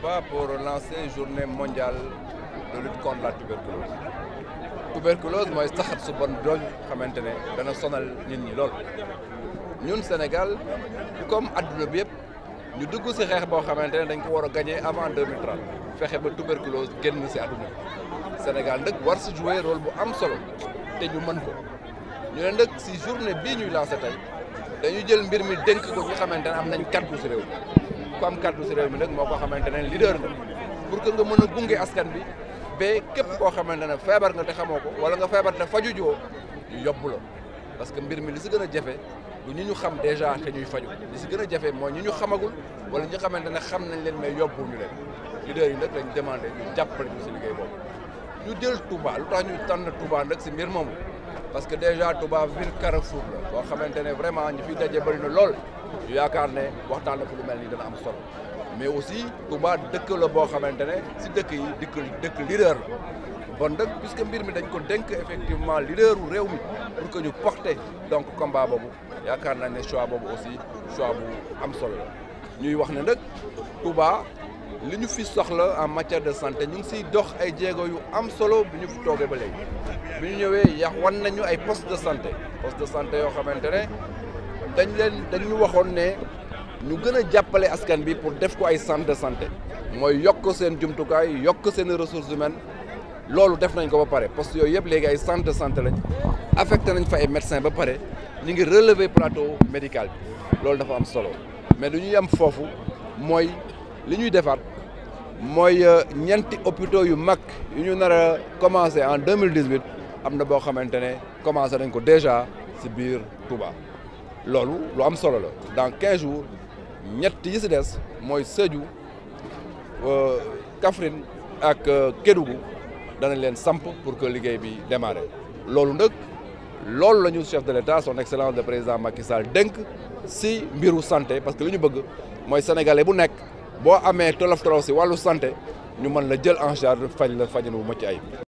Touba pour lancer journée mondiale de lutte contre la tuberculose tuberculose mooy saxat su bon doñ xamante ne dana sonal nit ñi lool ñun Sénégal comme adduna bi yëpp ñu dugg si xeex boo xamante ne dañ ko war a gañee avant 2030 fexe ba tuberculose génn si adduna Sénégal nag war si jouer rôle bu am solo te ñu mën ko ñu ne nag si journée bii ñuy lancé tey dañu jël mbir mi dénk ko ñu xamante ne am nañ kaddu si réew ku am kàddu si nag moo ko xamante ne leader nga pour que nga mën a gunge askan bi ba képp koo xamante ne feebar nga te xamoo ko wala nga feebar te faju joo ñu yóbbu parce que mbir mi li si gën a jafe du ñu ñu xam déjà te ñuy faju li si gën a jafe moo ñi ñu xamagul wala ñi xamante ne xam nañ leen mais yóbbu ñu leen leader yi nag lañ demandé ñu jàppale si liggéey boobu ñu jël Touba lu tax ñu tànn Touba nag si mbir moomu parce que déjà Touba ville Carrefour la boo xamante ne vraiment ñu fi daje bëri na lool ñu yaakaar ne waxtaan na ko lu mel ni dana am solo mais aussi Touba dëkk la boo xamante ne si dëkk yi dëkk dëkk leader la bon nag puisque mbir mi dañ ko dénk effectivement leaderu réew mi pour ko ñu porter donc combat boobu yaakaar naa ne choix boobu aussi choix bu am solo la ñuy wax ne nag Touba. li ñu fi soxla en matière de santé ñu ngi siy dox ay jéego yu am solo bu ñu toogee ba léegi bi ñëwee yax wan nañu ay poste de santé poste de santé yoo xamante ne dañ leen dañu waxoon ne ñu gën a jàppale askan bi pour def ko ay sant de santé mooy yokk seen jumtukaay yokk seen ressources humaines loolu def nañ ko ba pare poste yooyu yëpp léegi ay sant de santé lañ affecté nañ fa ay médecins ba pare ñu ngi relever plateau médical bi loolu dafa am solo li ñuy defar mooy euh, ñeenti hôpitaux yu mag yu ñu nar a commencé en deux mille dix huit am na boo xamante ne commencé nañ ko déjà si biir Touba loolu lu am solo la dans quinze jours ñett yi ci des mooy Sédhiou euh, Kaffrine ak euh, Kédougou danañ leen samp pour que liggéey bi démarre loolu nag loolu la ñu chef de l'État son excellence le président Macky Sall dénk ci mbiru santé parce que li ñu bëgg mooy sénégalais bu nekk. boo amee tolof tolof si wàllu santé ñu mën la jël en charge faj la fajin bu mucc ay